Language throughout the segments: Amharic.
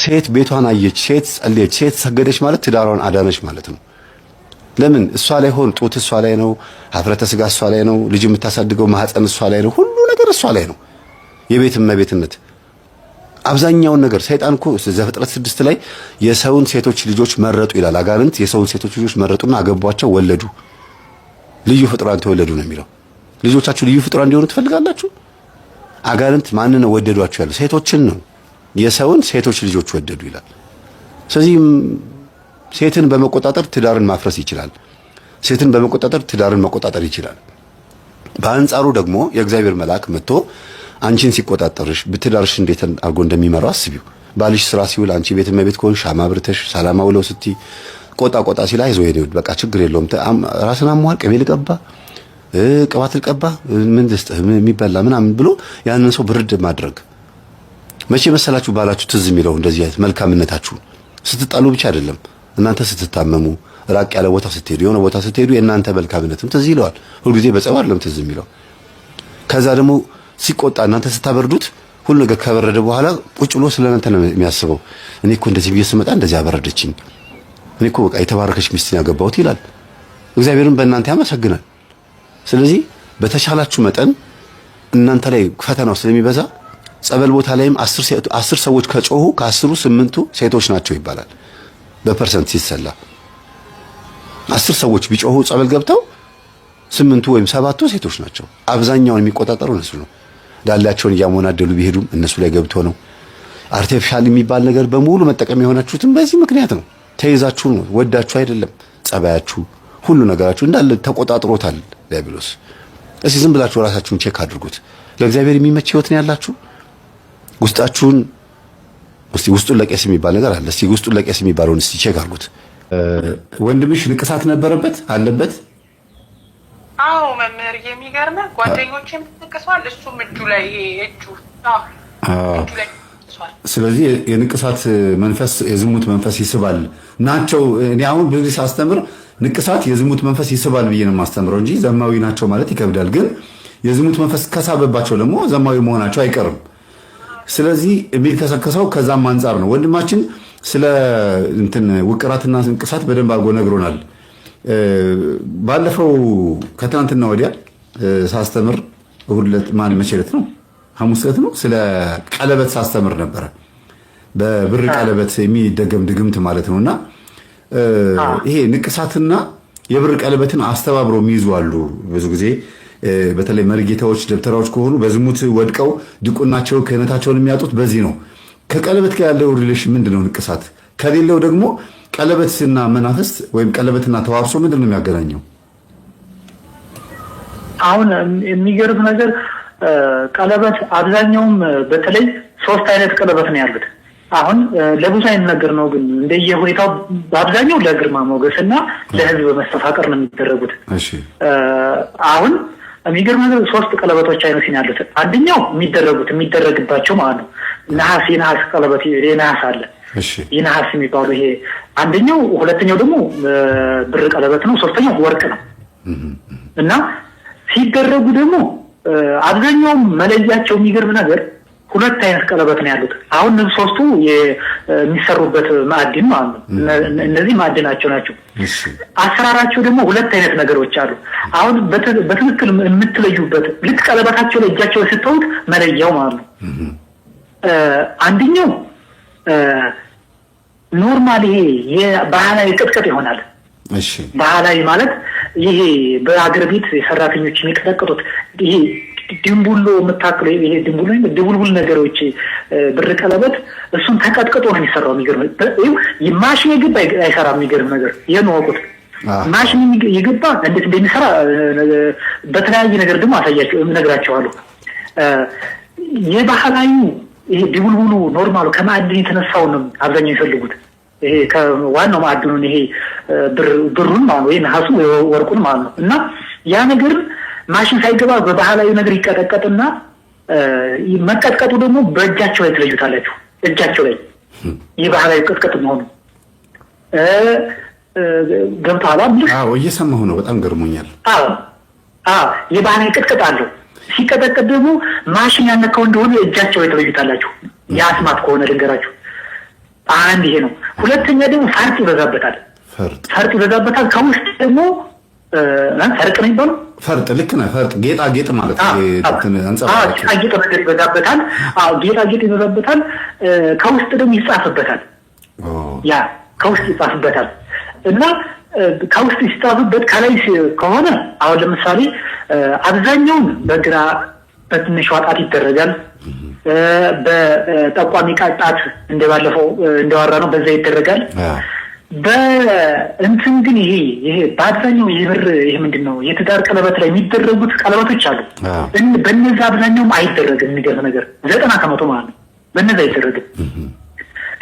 ሴት ቤቷን አየች፣ ሴት ጸለየች፣ ሴት ሰገደች ማለት ትዳሯን አዳነች ማለት ነው። ለምን እሷ ላይ ሆን ጡት እሷ ላይ ነው፣ ሀፍረተ ስጋ እሷ ላይ ነው፣ ልጅ የምታሳድገው ማህፀን እሷ ላይ ነው፣ ሁሉ ነገር እሷ ላይ ነው። የቤት እመቤትነት አብዛኛውን ነገር ሰይጣን እኮ ዘፍጥረት ስድስት ላይ የሰውን ሴቶች ልጆች መረጡ ይላል። አጋንንት የሰውን ሴቶች ልጆች መረጡና አገቧቸው፣ ወለዱ፣ ልዩ ፍጡራን ተወለዱ ነው የሚለው። ልጆቻችሁ ልዩ ፍጡራን እንዲሆኑ ትፈልጋላችሁ? አጋንንት ማንን ነው ወደዷቸው ያለው? ሴቶችን ነው። የሰውን ሴቶች ልጆች ወደዱ ይላል። ስለዚህ ሴትን በመቆጣጠር ትዳርን ማፍረስ ይችላል። ሴትን በመቆጣጠር ትዳርን መቆጣጠር ይችላል። በአንጻሩ ደግሞ የእግዚአብሔር መልአክ መጥቶ አንቺን ሲቆጣጠርሽ ብትዳርሽ እንዴት አድርጎ እንደሚመራው አስቢው። ባልሽ ስራ ሲውል አንቺ ቤት መቤት ከሆን ሻማ ብርተሽ ሰላም አውለው ስቲ ቆጣ ቆጣ ሲል አይዞ የእኔ ውድ በቃ ችግር የለውም ራስን አሟል ቅቤ ልቀባ ቅባት ልቀባ ምን ልስጥህ የሚበላ ምናምን ብሎ ያንን ሰው ብርድ ማድረግ መቼ መሰላችሁ ባላችሁ ትዝ የሚለው እንደዚህ አይነት መልካምነታችሁ ስትጣሉ ብቻ አይደለም። እናንተ ስትታመሙ፣ ራቅ ያለ ቦታ ስትሄዱ፣ የሆነ ቦታ ስትሄዱ የእናንተ መልካምነትም ትዝ ይለዋል። ሁልጊዜ በጸብ አይደለም ትዝ የሚለው። ከዛ ደግሞ ሲቆጣ እናንተ ስታበርዱት ሁሉ ነገር ከበረደ በኋላ ቁጭ ብሎ ስለ እናንተ ነው የሚያስበው። እኔ እኮ እንደዚህ ብዬ ስመጣ እንደዚህ አበረደችኝ፣ እኔ እኮ በቃ የተባረከች ሚስትን ያገባሁት ይላል። እግዚአብሔርም በእናንተ ያመሰግናል። ስለዚህ በተሻላችሁ መጠን እናንተ ላይ ፈተናው ስለሚበዛ ጸበል ቦታ ላይም አስር ሰዎች ከጮሁ ከአስሩ ስምንቱ ሴቶች ናቸው ይባላል በፐርሰንት ሲሰላ አስር ሰዎች ቢጮሁ ጸበል ገብተው ስምንቱ ወይም ሰባቱ ሴቶች ናቸው። አብዛኛውን የሚቆጣጠሩ እነሱ ነው። ዳላቸውን እያሞናደሉ ቢሄዱም እነሱ ላይ ገብቶ ነው። አርቲፊሻል የሚባል ነገር በሙሉ መጠቀም የሆናችሁትም በዚህ ምክንያት ነው። ተይዛችሁ ነው፣ ወዳችሁ አይደለም። ጸባያችሁ፣ ሁሉ ነገራችሁ እንዳለ ተቆጣጥሮታል ዲያብሎስ። እስኪ ዝም ብላችሁ ራሳችሁን ቼክ አድርጉት። ለእግዚአብሔር የሚመች ህይወት ነው ያላችሁ ውስጣችሁን እስቲ ውስጡን ለቄስ የሚባል ነገር አለ። እስቲ ውስጡን ለቄስ የሚባለውን እስቲ ቼክ አድርጉት። ወንድምሽ ንቅሳት ነበረበት አለበት? አዎ መምህር፣ የሚገርምህ ጓደኞችም ንቅሷል፣ እሱም እጁ ላይ እጁ ስለዚህ የንቅሳት መንፈስ የዝሙት መንፈስ ይስባል ናቸው። እኔ አሁን ብዙ ሳስተምር ንቅሳት የዝሙት መንፈስ ይስባል ብዬ ነው የማስተምረው እንጂ ዘማዊ ናቸው ማለት ይከብዳል። ግን የዝሙት መንፈስ ከሳበባቸው ደግሞ ዘማዊ መሆናቸው አይቀርም። ስለዚህ የሚከሰከሰው ከዛም አንጻር ነው። ወንድማችን ስለ እንትን ውቅራትና እንቅሳት በደንብ አድርጎ ነግሮናል። ባለፈው ከትናንትና ወዲያ ሳስተምር ሁለት ማን መቼለት ነው? ሐሙስ ዕለት ነው። ስለ ቀለበት ሳስተምር ነበረ። በብር ቀለበት የሚደገም ድግምት ማለት ነው እና ይሄ ንቅሳትና የብር ቀለበትን አስተባብሮ የሚይዙ አሉ ብዙ ጊዜ በተለይ መርጌታዎች፣ ደብተራዎች ከሆኑ በዝሙት ወድቀው ድቁናቸው ክህነታቸውን የሚያጡት በዚህ ነው። ከቀለበት ጋር ያለው ሪሌሽን ምንድን ነው? ንቅሳት ከሌለው ደግሞ ቀለበትና መናፍስት ወይም ቀለበትና ተዋርሶ ምንድን ነው የሚያገናኘው? አሁን የሚገርም ነገር ቀለበት አብዛኛውም በተለይ ሶስት አይነት ቀለበት ነው ያሉት። አሁን ለብዙ አይነት ነገር ነው ግን እንደየሁኔታው በአብዛኛው ለግርማ ሞገስ እና ለህዝብ መስተፋቀር ነው የሚደረጉት። አሁን የሚገርም ነገር ሶስት ቀለበቶች አይነት ያሉት አንደኛው የሚደረጉት የሚደረግባቸው ማለት ነው። ነሐስ የነሐስ ቀለበት የነሐስ አለ የነሐስ የሚባሉ ይሄ አንደኛው፣ ሁለተኛው ደግሞ ብር ቀለበት ነው። ሶስተኛው ወርቅ ነው እና ሲደረጉ ደግሞ አብዛኛውም መለያቸው የሚገርም ነገር ሁለት አይነት ቀለበት ነው ያሉት። አሁን እነዚህ ሶስቱ የሚሰሩበት ማዕድን ማለት ነው። እነዚህ ማዕድናቸው ናቸው። አሰራራቸው ደግሞ ሁለት አይነት ነገሮች አሉ። አሁን በትክክል የምትለዩበት ልክ ቀለበታቸው ላይ እጃቸው ስተውት መለያው ማለት ነው። አንደኛው ኖርማል ይሄ የባህላዊ ቅጥቀጥ ይሆናል። ባህላዊ ማለት ይሄ በአገር ቤት የሰራተኞች የሚቀጠቅጡት ይሄ ድንቡሎ የምታክለው ይሄ ድንቡሎ ድቡልቡል ነገሮች ብር ቀለበት እሱን ተቀጥቅጦ ነው የሚሰራው። የሚገርም ማሽን የገባ አይሰራ። የሚገርም ነገር ይህን ወቁት። ማሽን የገባ እንዴት እንደሚሰራ በተለያየ ነገር ደግሞ አሳያቸው እነግራቸዋለሁ። የባህላዊ ይሄ ድቡልቡሉ ኖርማሉ ከማዕድን የተነሳው ነው አብዛኛው የሚፈልጉት። ይሄ ከዋናው ማዕድኑን ይሄ ብሩን ማለት ነው ወይም ሀሱ ወርቁን ማለት ነው እና ያ ነገርን ማሽን ሳይገባ በባህላዊ ነገር ይቀጠቀጥና መቀጥቀጡ ደግሞ በእጃቸው ላይ ትለዩታላችሁ። እጃቸው ላይ ይህ ባህላዊ ቅጥቀጥ መሆኑ ገብቶሃል? እየሰማሁ ነው። በጣም ገርሞኛል። የባህላዊ ቅጥቅጥ አለው። ሲቀጠቀጥ ደግሞ ማሽን ያነካው እንደሆነ እጃቸው ላይ ትለዩታላችሁ። የአስማት ከሆነ ልንገራችሁ። አንድ ይሄ ነው። ሁለተኛ ደግሞ ፈርጥ ይበዛበታል። ፈርጥ ይበዛበታል። ከውስጥ ደግሞ ፈርጥ ነው የሚባለው ፈርጥ ልክ ነህ። ፈርጥ ጌጣጌጥ ማለት ጌጣጌጥ ነገር ይበዛበታል። ጌጣጌጥ ይበዛበታል። ከውስጥ ደግሞ ይጻፍበታል። ያ ከውስጥ ይጻፍበታል እና ከውስጥ ሲጻፍበት ከላይ ከሆነ አሁን ለምሳሌ አብዛኛውን በግራ በትንሽ ጣት ይደረጋል። በጠቋሚ ቀጣት እንደባለፈው እንደዋራ ነው፣ በዛ ይደረጋል። በእንትን ግን ይሄ ይሄ በአብዛኛው የብር ይሄ ምንድን ነው የትዳር ቀለበት ላይ የሚደረጉት ቀለበቶች አሉ። በነዛ አብዛኛውም አይደረግም። የሚገርም ነገር ዘጠና ከመቶ ማለት ነው በነዚ አይደረግም።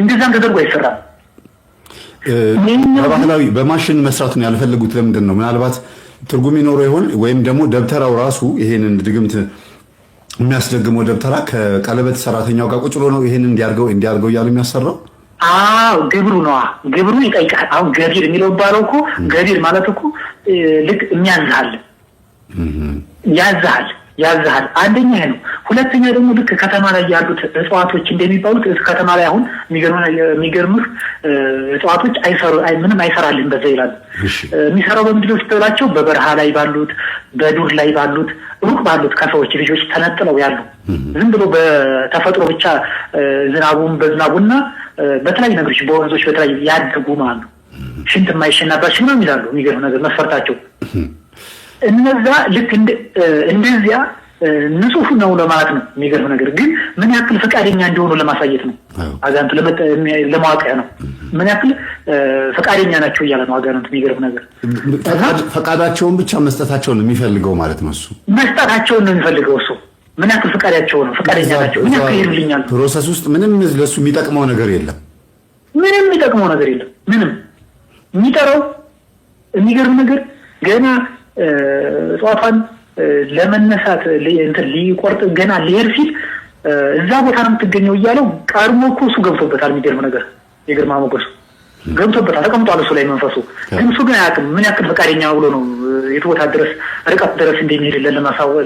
እንደዛም ተደርጎ አይሰራም። በባህላዊ በማሽን መስራቱን ያልፈለጉት ለምንድን ነው? ምናልባት ትርጉም ይኖረው ይሆን? ወይም ደግሞ ደብተራው ራሱ ይሄንን ድግምት የሚያስደግመው ደብተራ ከቀለበት ሰራተኛው ጋር ቁጭሎ ነው ይሄንን እንዲያርገው እንዲያርገው እያሉ የሚያሰራው አዎ ግብሩ ነዋ። ግብሩ ይጠይቃል። አሁን ገቢር የሚለው ባለው እኮ ገቢር ማለት እኮ ልክ የሚያዝሃል ያዝሃል ያዝሃል። አንደኛ ይሄ ነው። ሁለተኛ ደግሞ ልክ ከተማ ላይ ያሉት እጽዋቶች እንደሚባሉት ከተማ ላይ አሁን የሚገርምህ እጽዋቶች ምንም አይሰራልህም በዛ ይላሉ። የሚሰራው በምንድነው ስትላቸው በበረሃ ላይ ባሉት፣ በዱር ላይ ባሉት፣ ሩቅ ባሉት ከሰዎች ልጆች ተነጥለው ያሉ ዝም ብሎ በተፈጥሮ ብቻ ዝናቡን በዝናቡና በተለያዩ ነገሮች በወንዞች በተለያዩ ያደጉ ማለት ነው። ሽንት የማይሸናባቸው ነው ይላሉ። የሚገርም ነገር መስፈርታቸው እነዛ ልክ እንደዚያ ንጹህ ነው ለማለት ነው። የሚገርም ነገር ግን ምን ያክል ፈቃደኛ እንደሆኑ ለማሳየት ነው። አጋንቱ ለማዋቂያ ነው። ምን ያክል ፈቃደኛ ናቸው እያለ ነው አጋንቱ። የሚገርም ነገር ፈቃዳቸውን ብቻ መስጠታቸውን የሚፈልገው ማለት ነው። እሱ መስጠታቸውን ነው የሚፈልገው እሱ ምን ያክል ፈቃዳቸው ነው ፈቃደኛ ናቸው፣ ምን ያክል ይሄዱልኛል። ፕሮሰስ ውስጥ ምንም ለሱ የሚጠቅመው ነገር የለም፣ ምንም የሚጠቅመው ነገር የለም። ምንም የሚጠራው የሚገርም ነገር ገና እጽዋቷን ለመነሳት ሊቆርጥ ገና ሊሄድ ሲል እዛ ቦታ ነው የምትገኘው እያለው ቀድሞ እኮ እሱ ገብቶበታል። የሚገርም ነገር የግርማ ሞገሱ ገብቶበታል ተቀምጧል። እሱ ላይ መንፈሱ ግን እሱ ግን አያውቅም ምን ያክል ፈቃደኛ ብሎ ነው የት ቦታ ድረስ ርቀት ድረስ እንደሚሄድለን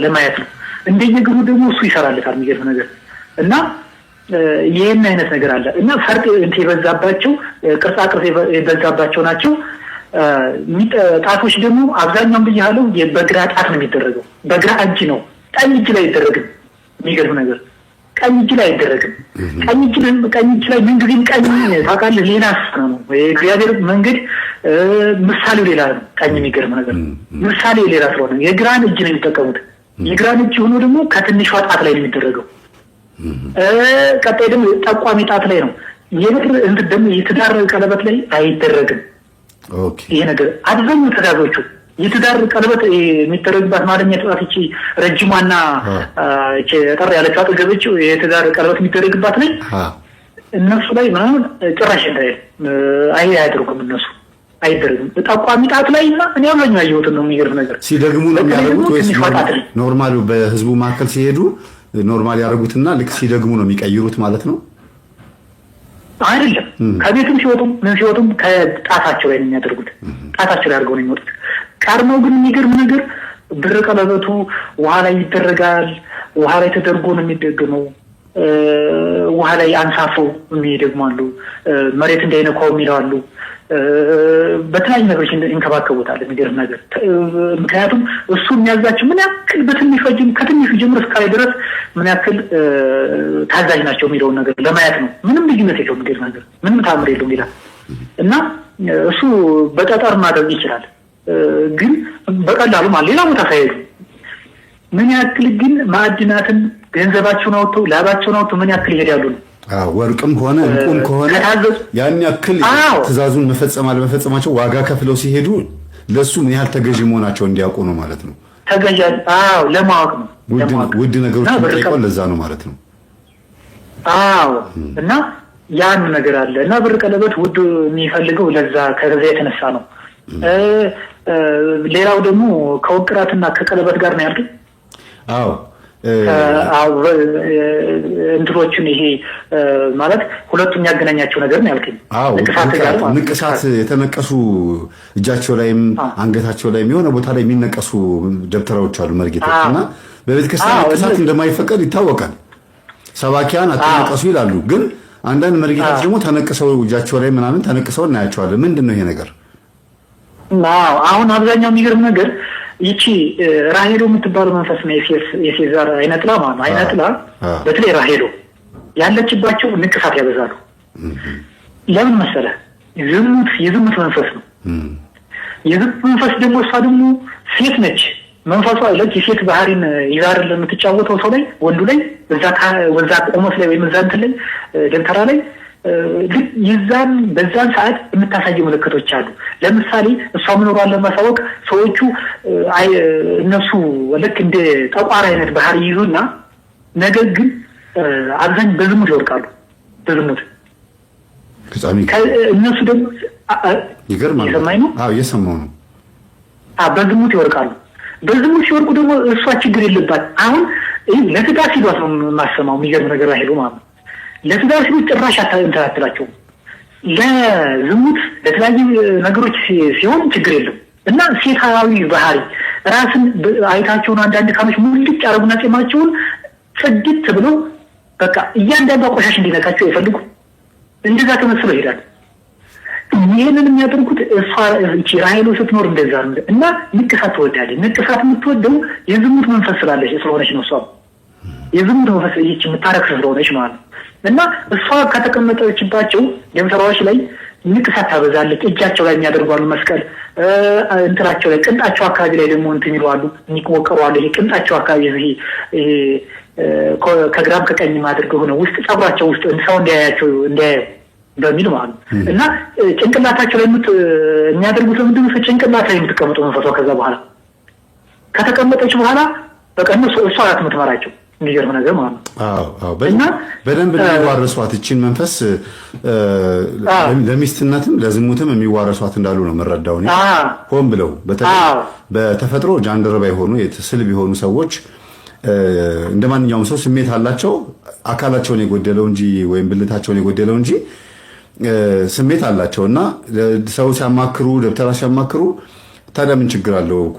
ለማየት ነው እንደየግሩ ደግሞ እሱ ይሰራለታል። የሚገርም ነገር እና ይህን አይነት ነገር አለ እና ፈርጥ የበዛባቸው ቅርጻ ቅርጽ የበዛባቸው ናቸው። ጣቶች ደግሞ አብዛኛውን ብያለው በግራ ጣት ነው የሚደረገው። በግራ እጅ ነው፣ ቀኝ እጅ ላይ አይደረግም። የሚገርም ነገር ቀኝ እጅ ላይ አይደረግም። ቀኝ እጅ ቀኝ እጅ ላይ ምንጊዜም ቀኝ ታውቃለህ፣ ሌላ ነው የእግዚአብሔር መንገድ ምሳሌው ሌላ ነው። ቀኝ የሚገርም ነገር ምሳሌ ሌላ ስለሆነ የግራን እጅ ነው የሚጠቀሙት የግራን እጅ ሆኖ ደግሞ ከትንሿ ጣት ላይ ነው የሚደረገው። ቀጣይ ደግሞ ጠቋሚ ጣት ላይ ነው። የምድር እንትን ደግሞ የትዳር ቀለበት ላይ አይደረግም። ይሄ ነገር አብዛኛው ትእዛዞቹ የትዳር ቀለበት የሚደረግባት ማለኛ ጥዋት እቺ ረጅሟና ጠር ያለች አጠገበች የትዳር ቀለበት የሚደረግባት ላይ እነሱ ላይ ምናምን ጭራሽ አይ አያደርጉም እነሱ አይደለም በጠቋሚ ጣት ላይ እና እኔ አብዛኛው ያየሁትን ነው። የሚገርም ነገር ሲደግሙ ነው የሚያደርጉት ወይስ ኖርማል በህዝቡ መካከል ሲሄዱ ኖርማል ያደርጉትና ልክ ሲደግሙ ነው የሚቀይሩት ማለት ነው? አይደለም ከቤትም ሲወጡም ምን ሲወጡም ከጣታቸው ላይ ነው የሚያደርጉት። ጣታቸው ላይ አድርገው ነው የሚወጡት። ቀድሞ ግን የሚገርም ነገር ብር ቀለበቱ ውሃ ላይ ይደረጋል። ውሃ ላይ ተደርጎ ነው የሚደግመው። ውሃ ላይ አንሳፎ የሚደግማሉ። መሬት እንዳይነኳው የሚለዋሉ በተለያዩ ነገሮች እንከባከቡታል የሚገርም ነገር ምክንያቱም እሱ የሚያዛቸው ምን ያክል በትንሹ ከትንሹ ጀምሮ እስካ ድረስ ምን ያክል ታዛዥ ናቸው የሚለውን ነገር ለማየት ነው። ምንም ልዩነት የለው የሚገርም ነገር ምንም ታምር የለው ይላል እና እሱ በጠጠር ማድረግ ይችላል። ግን በቀላሉ ሌላ ቦታ ሳይሄዱ ምን ያክል ግን ማዕድናትን ገንዘባቸውን አውጥተው ላባቸውን አውጥተው ምን ያክል ይሄዳሉ ነው ወርቅም ሆነ እንቁም ከሆነ ያን ያክል ትእዛዙን መፈጸም አለመፈጸማቸው ዋጋ ከፍለው ሲሄዱ ለእሱ ምን ያህል ተገዥ መሆናቸው እንዲያውቁ ነው ማለት ነው። ተገዥ ለማወቅ ነው። ውድ ነገሮች የሚጠይቀው ለዛ ነው ማለት ነው። አዎ እና ያን ነገር አለ እና ብር ቀለበት ውድ የሚፈልገው ለዛ ከዛ የተነሳ ነው። ሌላው ደግሞ ከውቅራትና ከቀለበት ጋር ነው ያልከኝ። አዎ እንትኖቹን ይሄ ማለት ሁለቱ የሚያገናኛቸው ነገር ነው ያልከኝ። ንቅሳት የተነቀሱ እጃቸው ላይም አንገታቸው ላይም የሆነ ቦታ ላይ የሚነቀሱ ደብተራዎች አሉ መርጌቶች እና በቤተክርስቲያን ንቅሳት እንደማይፈቀድ ይታወቃል። ሰባኪያን አትነቀሱ ይላሉ። ግን አንዳንድ መርጌቶች ደግሞ ተነቅሰው እጃቸው ላይ ምናምን ተነቅሰው እናያቸዋለን። ምንድን ነው ይሄ ነገር? አሁን አብዛኛው የሚገርም ነገር ይቺ ራሄሎ የምትባለው መንፈስ ነው። የሴዛር አይነጥላ ማለት ነው። አይነጥላ በተለይ ራሄሎ ያለችባቸው ንቅሳት ያበዛሉ። ለምን መሰለ? ዝሙት የዝሙት መንፈስ ነው። የዝሙት መንፈስ ደግሞ እሷ ደግሞ ሴት ነች። መንፈሷ ለች የሴት ባህሪን ይዛር የምትጫወተው ሰው ላይ ወንዱ ላይ እዛ ቆሞስ ላይ ወይም እዛ እንትን ላይ ደብተራ ላይ ይዛን በዛን ሰዓት የምታሳየው ምልክቶች አሉ። ለምሳሌ እሷ መኖሯን ለማሳወቅ ሰዎቹ እነሱ ልክ እንደ ጠቋር አይነት ባህሪ ይዙና ነገር ግን አብዛኝ በዝሙት ይወድቃሉ። በዝሙት እነሱ ደግሞ የሰማኝ ነው የሰማው ነው። በዝሙት ይወርቃሉ። በዝሙት ሲወርቁ ደግሞ እሷ ችግር የለባት። አሁን ለስጋ ሲሏት ነው የማሰማው የሚገርም ነገር አይሄዱ ማለት ነው ለትዳር ሲሉ ጭራሽ አታንተላትላቸውም። ለዝሙት ለተለያዩ ነገሮች ሲሆን ችግር የለም እና ሴታዊ ባህሪ ራስን አይታቸውን አንዳንድ ካሎች ሙልጭ አረጉና ጤማቸውን ጽድት ብለው በቃ እያንዳንዱ ቆሻሽ እንዲነካቸው ይፈልጉ እንደዛ ተመስሎ ይሄዳል። ይህንን የሚያደርጉት እሷ እቺ ራሄሎ ስትኖር እንደዛ ነው እና ንቅሳት ትወዳለች። ንቅሳት የምትወደው የዝሙት መንፈስ ስላለች ስለሆነች ነው። እሷ የዝሙት መንፈስ ይች የምታረክስ ስለሆነች ማለት ነው። እና እሷ ከተቀመጠችባቸው ገንዘባዎች ላይ ንቅሳት ታበዛለች። እጃቸው ላይ የሚያደርጓሉ መስቀል እንትናቸው ላይ ቅንጣቸው አካባቢ ላይ ደግሞ እንትን ይለዋሉ፣ ይወቀሯሉ። ይሄ ቅንጣቸው አካባቢ ይሄ ከግራም ከቀኝም አድርገው ሆነ ውስጥ ጸጉራቸው ውስጥ ሰው እንዳያያቸው እንዲያየው በሚል ማለት ነው። እና ጭንቅላታቸው ላይ የሚያደርጉት ለምንድን ነው? ጭንቅላት ላይ የምትቀመጠው መንፈሷ ከዛ በኋላ ከተቀመጠች በኋላ በቀን እሷ ናት የምትመራቸው የሚገርም ነገር ማለት ነው። በደንብ የሚዋረሷት እችን መንፈስ ለሚስትነትም ለዝሙትም የሚዋረሷት እንዳሉ ነው የምረዳው። ሆን ብለው በተፈጥሮ ጃንደረባ የሆኑ ስልብ የሆኑ ሰዎች እንደ ማንኛውም ሰው ስሜት አላቸው። አካላቸውን የጎደለው እንጂ ወይም ብልታቸውን የጎደለው እንጂ ስሜት አላቸው እና ሰው ሲያማክሩ ደብተራ ሲያማክሩ ታዲያ ምን ችግር አለው እኮ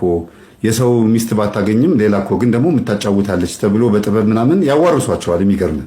የሰው ሚስት ባታገኝም ሌላ እኮ ግን ደግሞ የምታጫውታለች ተብሎ በጥበብ ምናምን ያዋርሷቸዋል። የሚገርም